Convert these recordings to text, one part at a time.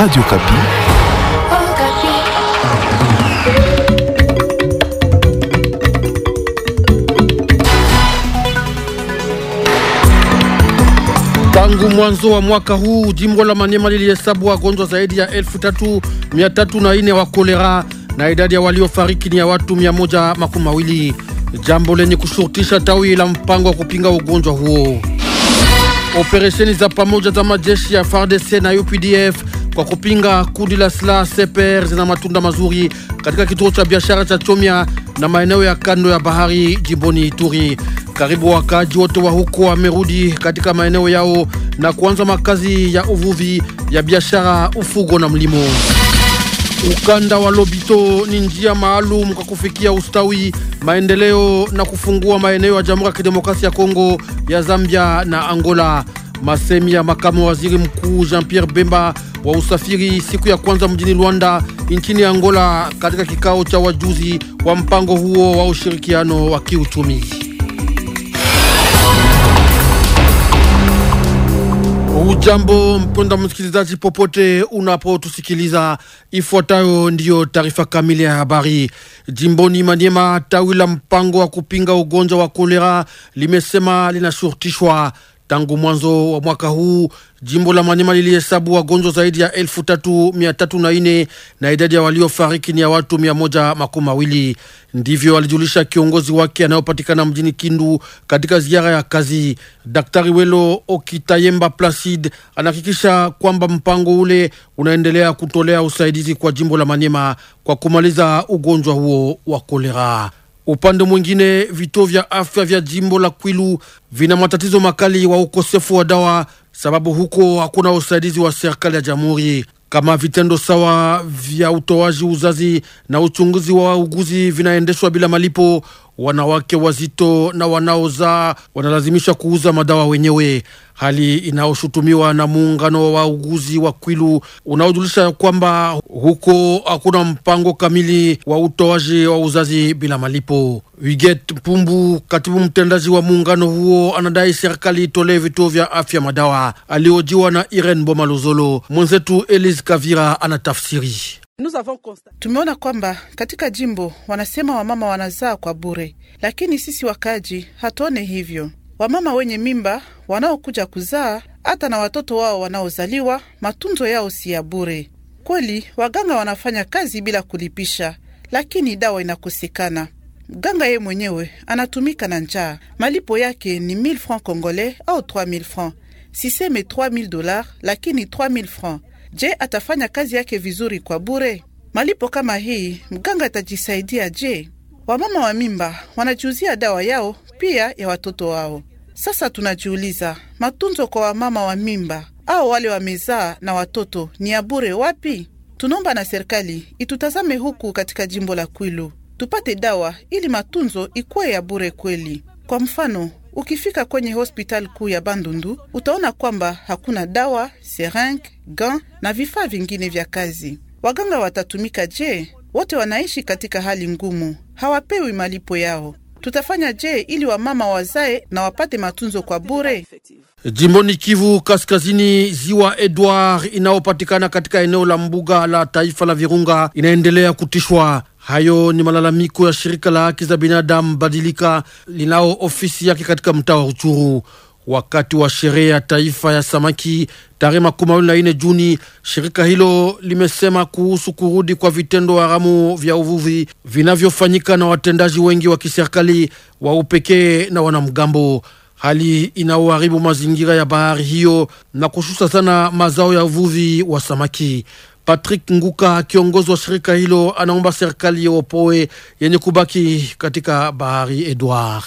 Radio Kapi. Tangu mwanzo wa mwaka huu jimbo la Maniema lilihesabu wagonjwa zaidi ya elfu na wa kolera na idadi ya waliofariki ni ya watu 120 jambo lenye kushurutisha tawi la mpango wa kupinga ugonjwa huo. Operesheni za pamoja za majeshi ya FARDC na UPDF kwa kupinga kundi la silaha seper zina matunda mazuri katika kituo cha biashara cha Chomia na maeneo ya kando ya bahari jimboni Ituri. Karibu wakaaji wote wa huko wamerudi katika maeneo yao na kuanza makazi ya uvuvi, ya biashara, ufugo na mlimo. Ukanda wa Lobito ni njia maalum kwa kufikia ustawi, maendeleo na kufungua maeneo ya Jamhuri ya Kidemokrasia ya Kongo, ya Zambia na Angola. Masemi ya makamu waziri mkuu Jean-Pierre Bemba wa usafiri siku ya kwanza mjini Luanda nchini Angola katika kikao cha wajuzi wa mpango huo wa ushirikiano wa kiuchumi. Ujambo mpenda msikilizaji, popote unapotusikiliza, ifuatayo ndiyo taarifa kamili ya habari. Jimboni Maniema, tawi la mpango wa kupinga ugonjwa wa kolera limesema linashurutishwa Tangu mwanzo wa mwaka huu jimbo la Manyema lilihesabu wagonjwa zaidi ya elfu tatu mia tatu na nne na idadi ya waliofariki ni ya watu mia moja makumi mawili. Ndivyo alijulisha kiongozi wake anayopatikana mjini Kindu katika ziara ya kazi. Daktari Welo Okitayemba Placid anahakikisha kwamba mpango ule unaendelea kutolea usaidizi kwa jimbo la Manyema kwa kumaliza ugonjwa huo wa kolera. Upande mwingine, vituo vya afya vya jimbo la Kwilu vina matatizo makali wa ukosefu wa dawa, sababu huko hakuna usaidizi wa serikali ya jamhuri kama vitendo sawa vya utoaji uzazi na uchunguzi wa wauguzi vinaendeshwa bila malipo, wanawake wazito na wanaozaa wanalazimishwa kuuza madawa wenyewe, hali inayoshutumiwa na muungano wa wauguzi wa Kwilu unaojulisha kwamba huko hakuna mpango kamili wa utoaji wa uzazi bila malipo. Wiget Mpumbu, katibu mtendaji wa muungano huo, anadai serikali itolee vituo vya afya madawa. Aliojiwa na Irene Bomaluzolo, mwenzetu Elise Kavira anatafsiri. Tumeona kwamba katika jimbo wanasema wamama wanazaa kwa bure, lakini sisi wakaji hatuone hivyo. Wamama wenye mimba wanaokuja kuzaa, hata na watoto wao wanaozaliwa, matunzo yao si ya bure. Kweli waganga wanafanya kazi bila kulipisha, lakini dawa inakosekana. Mganga ye mwenyewe anatumika na njaa. Malipo yake ni 1000 francs congolais au 3000 francs, siseme 3000 dollars, lakini 3000 francs Je, atafanya kazi yake vizuri kwa bure? Malipo kama hii, mganga atajisaidia je? Wamama wa mimba wanajiuzia dawa yao pia ya watoto wao. Sasa tunajiuliza, matunzo kwa wamama wa mimba au wale wamezaa na watoto ni ya bure wapi? Tunaomba na serikali itutazame huku katika jimbo la Kwilu tupate dawa ili matunzo ikuwe ya bure kweli. Kwa mfano, ukifika kwenye hospitali kuu ya Bandundu utaona kwamba hakuna dawa serenge, gan na vifaa vingine vya kazi. Waganga watatumika je? Wote wanaishi katika hali ngumu, hawapewi malipo yao. Tutafanya je ili wamama wazae na wapate matunzo kwa bure? Jimboni Kivu Kaskazini, ziwa Edward inayopatikana katika eneo la mbuga la taifa la Virunga inaendelea kutishwa. Hayo ni malalamiko ya shirika la haki za binadamu Badilika linao ofisi yake katika mtaa wa Ruchuru. Wakati wa sherehe ya taifa ya samaki tarehe makumi mawili na Juni, shirika hilo limesema kuhusu kurudi kwa vitendo haramu vya uvuvi vinavyofanyika na watendaji wengi wa kiserikali wa upekee na wanamgambo, hali inaoharibu mazingira ya bahari hiyo na kushusha sana mazao ya uvuvi wa samaki. Patrick Nguka, kiongozi wa shirika hilo, anaomba serikali yopoe yenye kubaki katika bahari Edward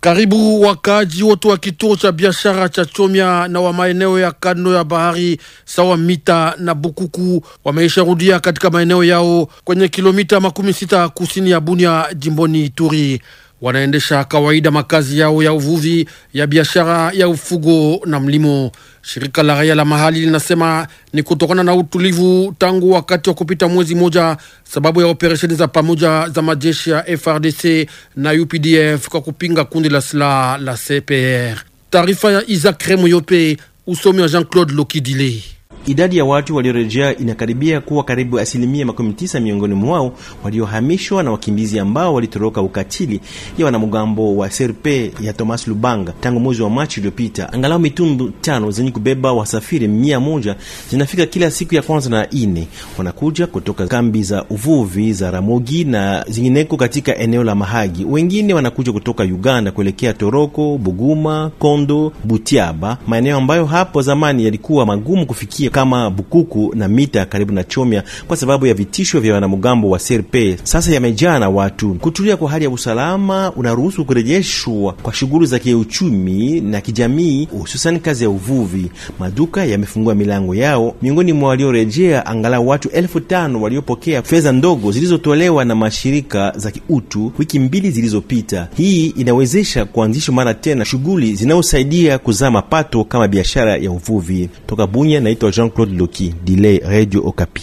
karibu wakaaji wote wa kituo cha biashara cha Chomya na wa maeneo ya kando ya bahari sawa Mita na Bukuku wameisharudia katika maeneo yao kwenye kilomita makumi sita kusini ya Bunia jimboni Ituri wanaendesha kawaida makazi yao ya uvuvi, ya biashara, ya ufugo na mlimo. Shirika la raia la mahali linasema ni kutokana na utulivu tangu wakati wa kupita mwezi moja, sababu ya operesheni za pamoja za majeshi ya FRDC na UPDF kwa kupinga kundi la silaha la CPR. Taarifa ya Isaac Remoyope, usomi wa Jean-Claude Lokidile. Idadi ya watu waliorejea inakaribia kuwa karibu asilimia makumi tisa, miongoni mwao waliohamishwa na wakimbizi ambao walitoroka ukatili ya wanamgambo wa Serpe ya Thomas Lubanga tangu mwezi wa Machi uliopita. Angalau mitundu tano zenye kubeba wasafiri mia moja zinafika kila siku ya kwanza na ine, wanakuja kutoka kambi za uvuvi za Ramogi na zingineko katika eneo la Mahagi. Wengine wanakuja kutoka Uganda kuelekea Toroko, Buguma, Kondo, Butiaba, maeneo ambayo hapo zamani yalikuwa magumu kufikia kama Bukuku na mita karibu na Chomya kwa sababu ya vitisho vya wanamgambo wa CRP. Sasa yamejaa na watu kutulia kwa hali ya usalama unaruhusu kurejeshwa kwa shughuli za kiuchumi na kijamii, hususan kazi ya uvuvi. Maduka yamefungua milango yao. Miongoni mwa waliorejea, angalau watu elfu tano waliopokea fedha ndogo zilizotolewa na mashirika za kiutu wiki mbili zilizopita. Hii inawezesha kuanzishwa mara tena shughuli zinazosaidia kuzaa mapato kama biashara ya uvuvi. Toka Bunya, naitwa Jean-Claude Loki Dile, Radio Okapi.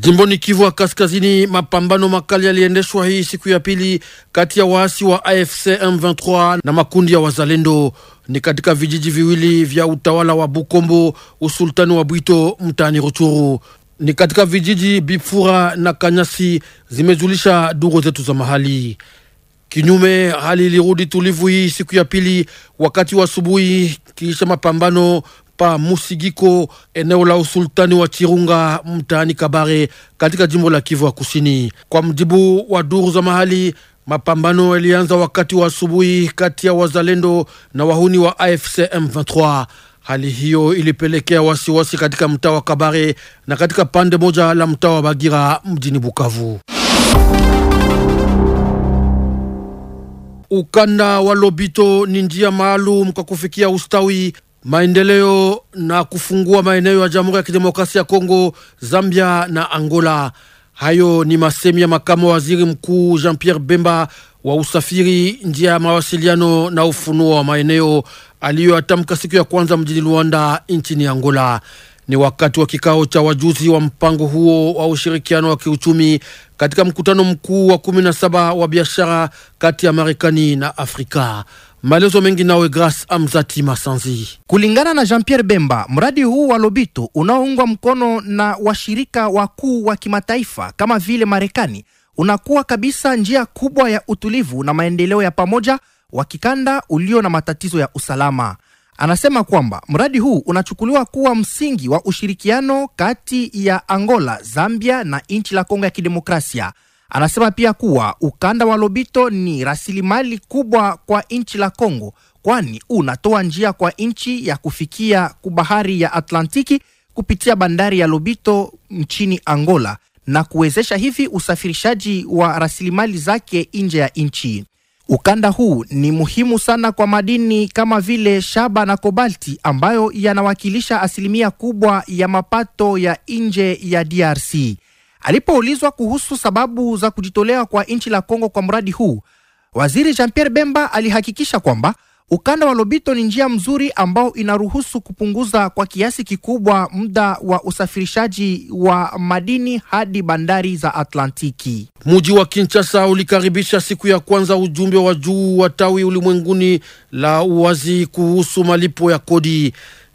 Jimboni Kivu wa Kaskazini, mapambano makali yaliendeshwa hii siku ya pili kati ya waasi wa AFC M23 na makundi ya wazalendo ni katika vijiji viwili vya utawala wa Bukombo, usultani wa Bwito, mtaani Ruchuru ni katika vijiji Bifura na Kanyasi, zimejulisha duru zetu za mahali. Kinyume, hali ilirudi tulivu hii siku ya pili wakati wa asubuhi, kisha mapambano pa Musigiko, eneo la usultani wa Chirunga, mtaani Kabare, katika jimbo la Kivu ya Kusini. Kwa mjibu wa duru za mahali, mapambano yalianza wakati wa asubuhi kati ya wazalendo na wahuni wa AFC M23. Hali hiyo ilipelekea wasiwasi wasi katika mtaa wa Kabare na katika pande moja la mtaa wa Bagira mjini Bukavu. Ukanda wa Lobito ni njia maalum kwa kufikia ustawi maendeleo na kufungua maeneo ya Jamhuri ya Kidemokrasia ya Kongo, Zambia na Angola. Hayo ni masemi ya makamu wa waziri mkuu Jean Pierre Bemba wa usafiri, njia ya mawasiliano na ufunuo wa maeneo aliyoyatamka siku ya kwanza mjini Luanda nchini Angola. Ni wakati wa kikao cha wajuzi wa mpango huo wa ushirikiano wa kiuchumi katika mkutano mkuu wa 17 wa biashara kati ya Marekani na Afrika. Maelezo mengi nawe Grace Amzati Masanzi. Kulingana na Jean Pierre Bemba, mradi huu wa Lobito unaoungwa mkono na washirika wakuu wa kimataifa kama vile Marekani unakuwa kabisa njia kubwa ya utulivu na maendeleo ya pamoja wa kikanda ulio na matatizo ya usalama. Anasema kwamba mradi huu unachukuliwa kuwa msingi wa ushirikiano kati ya Angola, Zambia na nchi la Kongo ya Kidemokrasia. Anasema pia kuwa ukanda wa Lobito ni rasilimali kubwa kwa nchi la Kongo, kwani unatoa njia kwa nchi ya kufikia kubahari ya Atlantiki kupitia bandari ya Lobito nchini Angola na kuwezesha hivi usafirishaji wa rasilimali zake nje ya nchi. Ukanda huu ni muhimu sana kwa madini kama vile shaba na kobalti ambayo yanawakilisha asilimia kubwa ya mapato ya nje ya DRC. Alipoulizwa kuhusu sababu za kujitolea kwa nchi la Kongo kwa mradi huu, waziri Jean Pierre Bemba alihakikisha kwamba ukanda wa Lobito ni njia mzuri ambao inaruhusu kupunguza kwa kiasi kikubwa muda wa usafirishaji wa madini hadi bandari za Atlantiki. muji wa Kinshasa ulikaribisha siku ya kwanza ujumbe wa juu wa tawi ulimwenguni la uwazi kuhusu malipo ya kodi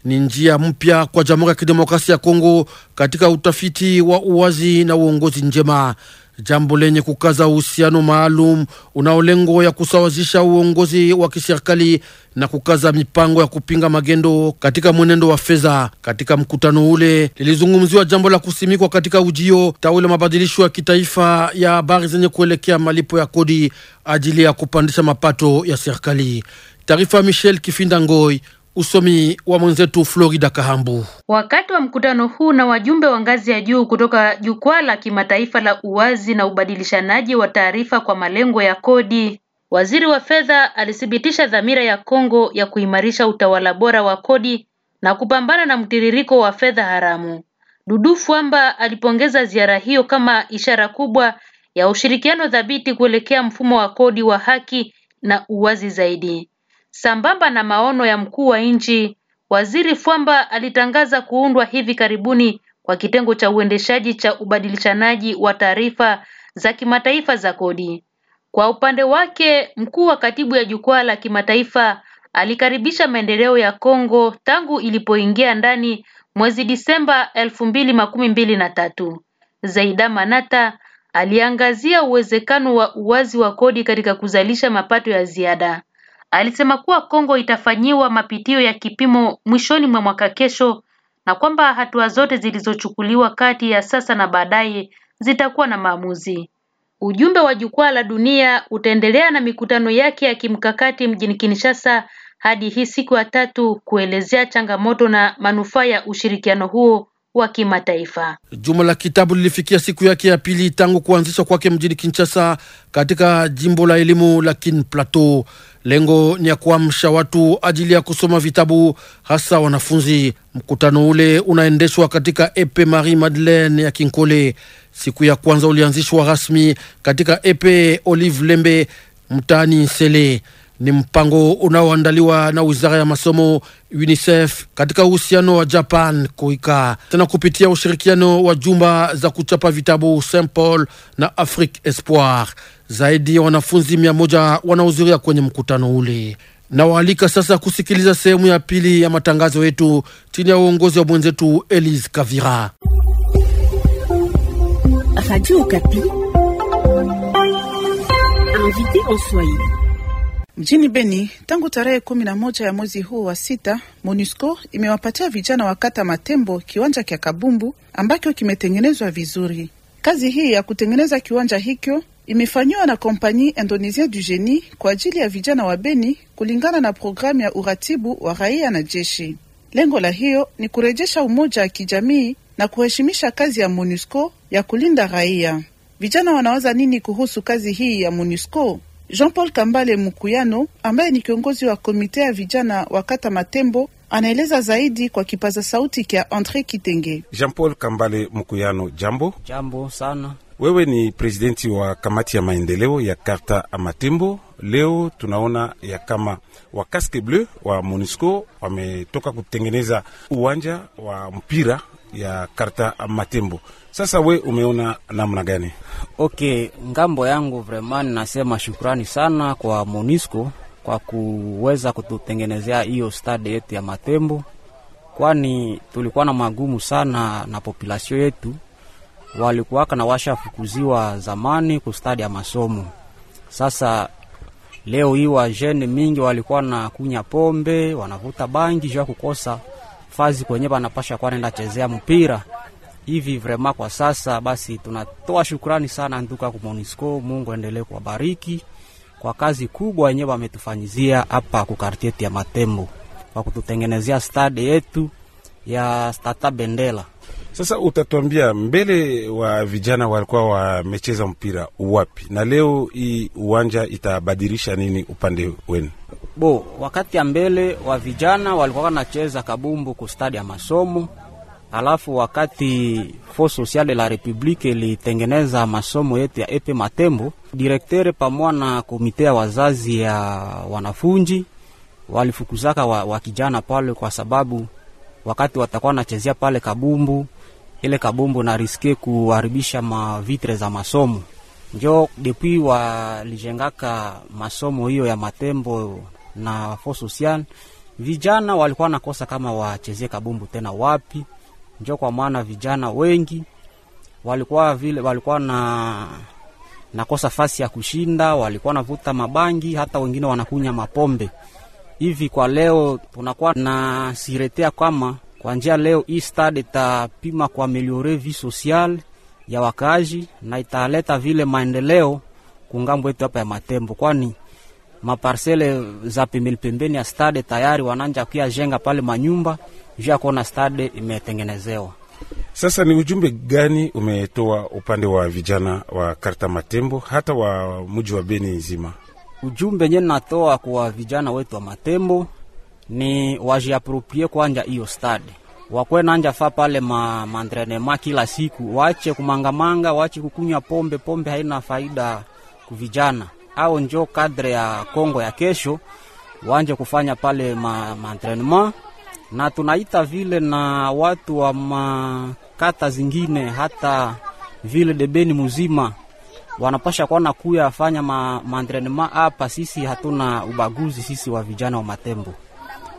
ni njia mpya kwa Jamhuri ya Kidemokrasia ya Kongo katika utafiti wa uwazi na uongozi njema, jambo lenye kukaza uhusiano maalum unaolengo ya kusawazisha uongozi wa kiserikali na kukaza mipango ya kupinga magendo katika mwenendo wa fedha. Katika mkutano ule lilizungumziwa jambo la kusimikwa katika ujio tawi la mabadilisho ya kitaifa ya habari zenye kuelekea malipo ya kodi ajili ya kupandisha mapato ya serikali. Taarifa Michel Kifinda Ngoi Usomi wa mwenzetu Florida Kahambu. Wakati wa mkutano huu na wajumbe wa ngazi ya juu kutoka jukwaa la kimataifa la uwazi na ubadilishanaji wa taarifa kwa malengo ya kodi, waziri wa fedha alithibitisha dhamira ya Kongo ya kuimarisha utawala bora wa kodi na kupambana na mtiririko wa fedha haramu. Dudu Fwamba alipongeza ziara hiyo kama ishara kubwa ya ushirikiano thabiti kuelekea mfumo wa kodi wa haki na uwazi zaidi. Sambamba na maono ya mkuu wa nchi, Waziri Fwamba alitangaza kuundwa hivi karibuni kwa kitengo cha uendeshaji cha ubadilishanaji wa taarifa za kimataifa za kodi. Kwa upande wake, mkuu wa katibu ya Jukwaa la Kimataifa alikaribisha maendeleo ya Kongo tangu ilipoingia ndani mwezi Disemba elfu mbili makumi mbili na tatu. Zaida Manata aliangazia uwezekano wa uwazi wa kodi katika kuzalisha mapato ya ziada. Alisema kuwa Kongo itafanyiwa mapitio ya kipimo mwishoni mwa mwaka kesho na kwamba hatua zote zilizochukuliwa kati ya sasa na baadaye zitakuwa na maamuzi. Ujumbe wa Jukwaa la Dunia utaendelea na mikutano yake ya kimkakati mjini Kinshasa hadi hii siku ya tatu kuelezea changamoto na manufaa ya ushirikiano huo wa kimataifa. Juma la kitabu lilifikia siku yake ya pili tangu kuanzishwa kwake mjini Kinshasa katika jimbo la elimu la Kin Plateau. Lengo ni ya kuamsha watu ajili ya kusoma vitabu, hasa wanafunzi. Mkutano ule unaendeshwa katika Epe Marie Madeleine ya Kinkole. Siku ya kwanza ulianzishwa rasmi katika Epe Olive Lembe mtaani Nsele ni mpango unaoandaliwa na wizara ya masomo UNICEF katika uhusiano wa Japan kuika tena kupitia ushirikiano wa jumba za kuchapa vitabu Saint Paul na Afrique Espoir. Zaidi ya wanafunzi mia moja wanahudhuria kwenye mkutano ule. Nawaalika sasa kusikiliza sehemu ya pili ya matangazo yetu chini ya uongozi wa mwenzetu Elise Kavira. Radio Okapi invité en Swahili Mjini Beni tangu tarehe kumi na moja ya mwezi huu wa sita, MONUSCO imewapatia vijana wa kata Matembo kiwanja kya Kabumbu ambacho kimetengenezwa vizuri. Kazi hii ya kutengeneza kiwanja hicho imefanyiwa na Kompani Indonesia du Geni kwa ajili ya vijana wa Beni kulingana na programu ya uratibu wa raia na jeshi. Lengo la hiyo ni kurejesha umoja wa kijamii na kuheshimisha kazi ya MONUSCO ya kulinda raia. Vijana wanawaza nini kuhusu kazi hii ya MONUSCO? Jean-Paul Kambale Mukuyano ambaye ni kiongozi wa komite ya vijana wa kata Matembo anaeleza zaidi kwa kipaza sauti kya Andre Kitenge. Jean-Paul Kambale Mukuyano, jambo. Jambo sana. Wewe ni presidenti wa kamati ya maendeleo ya kata matembo Leo tunaona ya kama wa casque bleu wa MONUSCO wametoka kutengeneza uwanja wa mpira ya Karta Matembo. Sasa we umeona namna gani? Okay, ngambo yangu vraiment nasema shukrani sana kwa Monisco kwa kuweza kututengenezea hiyo stade yetu ya Matembo, kwani tulikuwa na magumu sana na populasio yetu walikuwaka na washafukuziwa zamani ku stadi ya masomo. Sasa leo hii wajene mingi walikuwa na kunya pombe wanavuta bangi juu ya kukosa fazi kwenye wanapasha kwa nenda chezea mpira hivi vrema kwa sasa. Basi tunatoa shukrani sana nduka kwa Monisco, Mungu endelee kuwabariki kwa kazi kubwa yenye wametufanyizia hapa ku quartier ya Matembo kwa kututengenezea stade yetu ya Stata Bendela. Sasa utatuambia mbele wa vijana walikuwa wamecheza mpira wapi, na leo hii uwanja itabadilisha nini upande wenu? bo wakati ya mbele wa vijana walikuwa wanacheza kabumbu kustadi ya masomo, alafu wakati fo sosiale la republike ilitengeneza masomo yetu ya epe Matembo, direktere pamoja na komite ya wazazi ya wanafunzi walifukuzaka wa, wa kijana pale, kwa sababu wakati watakuwa wanachezea pale kabumbu, ile kabumbu na riske kuharibisha mavitre za masomo njo depuis walijengaka masomo hiyo ya Matembo na fo social, vijana walikuwa nakosa kama wachezie kabumbu tena wapi, njo kwa maana vijana wengi walikuwa vile walikuwa na nakosa fasi ya kushinda, walikuwa navuta mabangi, hata wengine wanakunya mapombe hivi. Kwa leo tunakuwa na siretea kama kwa njia leo hii stade itapima kwa meliore vi social ya wakaaji na italeta vile maendeleo kungambo yetu hapa ya Matembo, kwani maparsele za pembeni pembeni ya stade tayari wananja kuya jenga pale manyumba juu ya kuona stade imetengenezewa. Sasa ni ujumbe gani umetoa upande wa vijana wa Karta Matembo hata wa mji wa Beni nzima? Ujumbe nye natoa kwa vijana wetu wa Matembo ni wajiaproprie kwanja hiyo stade, wakwe nanja fa pale ma mandrenema kila siku, wache kumangamanga, wache kukunywa pombe. Pombe haina faida kuvijana au njo kadre ya Kongo ya kesho wanje kufanya pale ma, maentrenement na tunaita vile na watu wa makata zingine hata vile debeni muzima wanapasha kuona kuya afanya ma, maentrenema hapa. Sisi hatuna ubaguzi, sisi wa vijana wa Matembo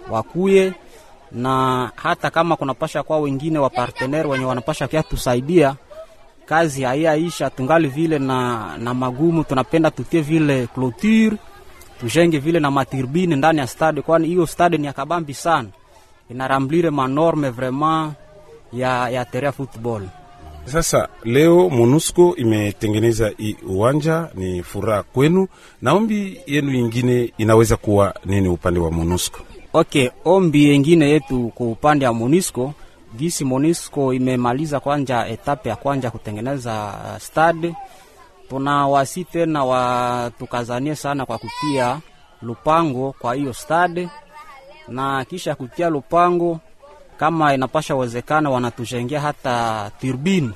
wakuye, na hata kama kunapasha kwa wengine wa partener wenye wanapasha kia tusaidia kazi haiyaisha, tungali vile na, na magumu. Tunapenda tutie vile cloture, tujenge vile na maturbine ndani ya stade, kwani hiyo stade ni ya kabambi sana, inaramblire manorme vraiment ya, ya terea football. Sasa leo MONUSCO imetengeneza hii uwanja, ni furaha kwenu. Na ombi yenu ingine inaweza kuwa nini upande wa MONUSCO? Okay, ombi yengine yetu kwa upande wa MONUSCO gisi Monisco imemaliza kwanja etape ya kwanja kutengeneza uh, stade. Tunawasi tena watukazanie sana kwa kutia lupango kwa hiyo stade, na kisha kutia lupango, kama inapasha wezekana, wanatujengea hata turbin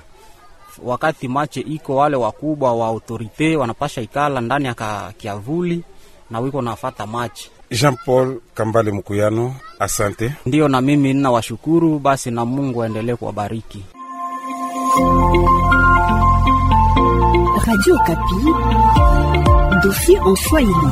wakati mache iko, wale wakubwa wa autorite wanapasha ikala ndani ya kiavuli na wiko nafata mache Jean Paul Kambale Mukuyano, asante. Ndiyo, na mimi ninawashukuru basi, na Mungu aendelee kuwabariki. Radio Kapi, dossier en Swahili.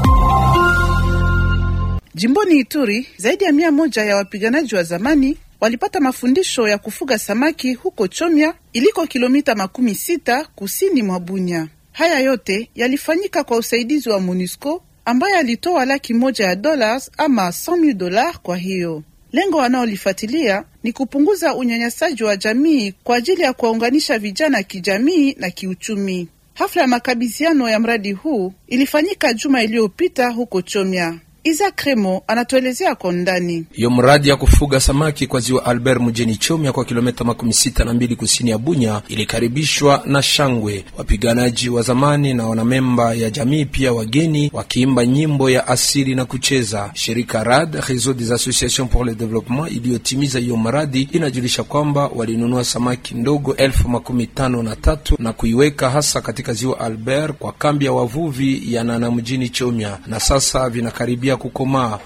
Jimboni Ituri, zaidi ya mia moja ya wapiganaji wa zamani walipata mafundisho ya kufuga samaki huko Chomya, iliko kilomita makumi sita kusini mwa Bunya. Haya yote yalifanyika kwa usaidizi wa MONUSCO ambaye alitoa laki moja ya dollars ama 100,000 dollars. Kwa hiyo lengo wanaolifuatilia ni kupunguza unyanyasaji wa jamii kwa ajili ya kuwaunganisha vijana kijamii na kiuchumi. Hafla ya makabidhiano ya mradi huu ilifanyika juma iliyopita huko Chomya. Iza Kremo anatuelezea kwa ndani. Yo mradi ya kufuga samaki kwa ziwa Albert mjini Chomia kwa kilomita makumi sita na mbili kusini ya Bunya ilikaribishwa na shangwe, wapiganaji wa zamani na wanamemba ya jamii pia wageni wakiimba nyimbo ya asili na kucheza. Shirika RAD Reseau des Associations pour le Développement iliyotimiza hiyo mradi inajulisha kwamba walinunua samaki ndogo elfu makumi tano na tatu na kuiweka hasa katika ziwa Albert kwa kambi ya wavuvi ya Nana mjini Chomia na sasa vinakaribia ya kukomaa.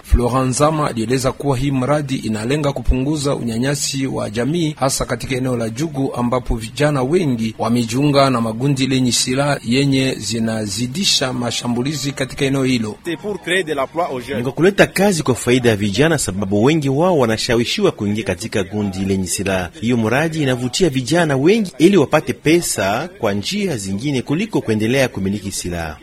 nzama alieleza kuwa hii mradi inalenga kupunguza unyanyasi wa jamii, hasa katika eneo la Jugu ambapo vijana wengi wamejiunga na magundi lenye silaha yenye zinazidisha mashambulizi katika eneo hilo. Ni kwa kuleta kazi kwa faida ya vijana, sababu wengi wao wanashawishiwa kuingia katika gundi lenye silaha. Hiyo mradi inavutia vijana wengi ili wapate pesa kwa njia zingine kuliko kuendelea kumiliki silaha.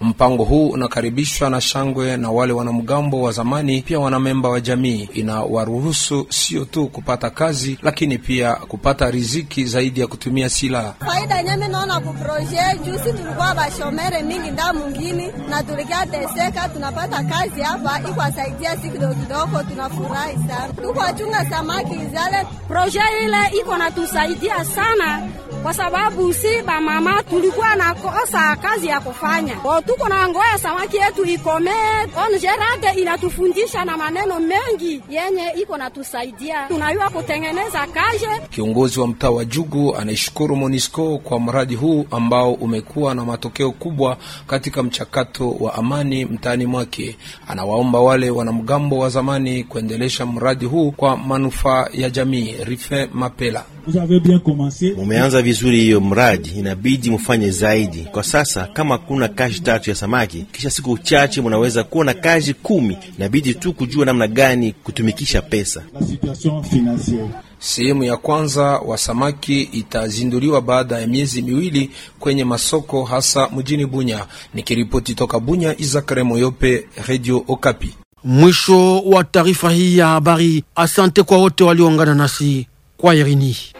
Mpango huu unakaribishwa na shangwe wakwe na wale wanamgambo wa zamani pia wanamemba wa jamii, inawaruhusu sio tu kupata kazi, lakini pia kupata riziki zaidi ya kutumia silaha. Faida nyeme naona kuproje juu si tulikuwa bashomere mingi nda mungini na tulikia teseka, tunapata kazi hapa ikwasaidia si kidogo kidogo, tunafurahi sana, tukwachunga samaki zale. Proje ile iko natusaidia sana kwa sababu si bamama tulikuwa na kosa kazi ya kufanya. Tuko na ngoya samaki yetu ikomee. Ongerade inatufundisha na maneno mengi yenye iko natusaidia, tunayua kutengeneza kaje. Kiongozi wa mtaa wa Jugu anaishukuru Monisco kwa mradi huu ambao umekuwa na matokeo kubwa katika mchakato wa amani mtaani mwake. Anawaomba wale wanamgambo wa zamani kuendelesha mradi huu kwa manufaa ya jamii. Rife Mapela mumeanza vizuri hiyo mradi, inabidi mufanye zaidi. Kwa sasa kama kuna kazi tatu ya samaki, kisha siku chache munaweza kuwa na kazi kumi. Inabidi tu kujua namna gani kutumikisha pesa. Sehemu ya kwanza wa samaki itazinduliwa baada ya miezi miwili kwenye masoko hasa mjini Bunya. Nikiripoti toka Bunya, Izakare Moyope, Radio Okapi. Mwisho wa taarifa hii ya habari. Asante kwa wote walioungana nasi. Croix-Irini.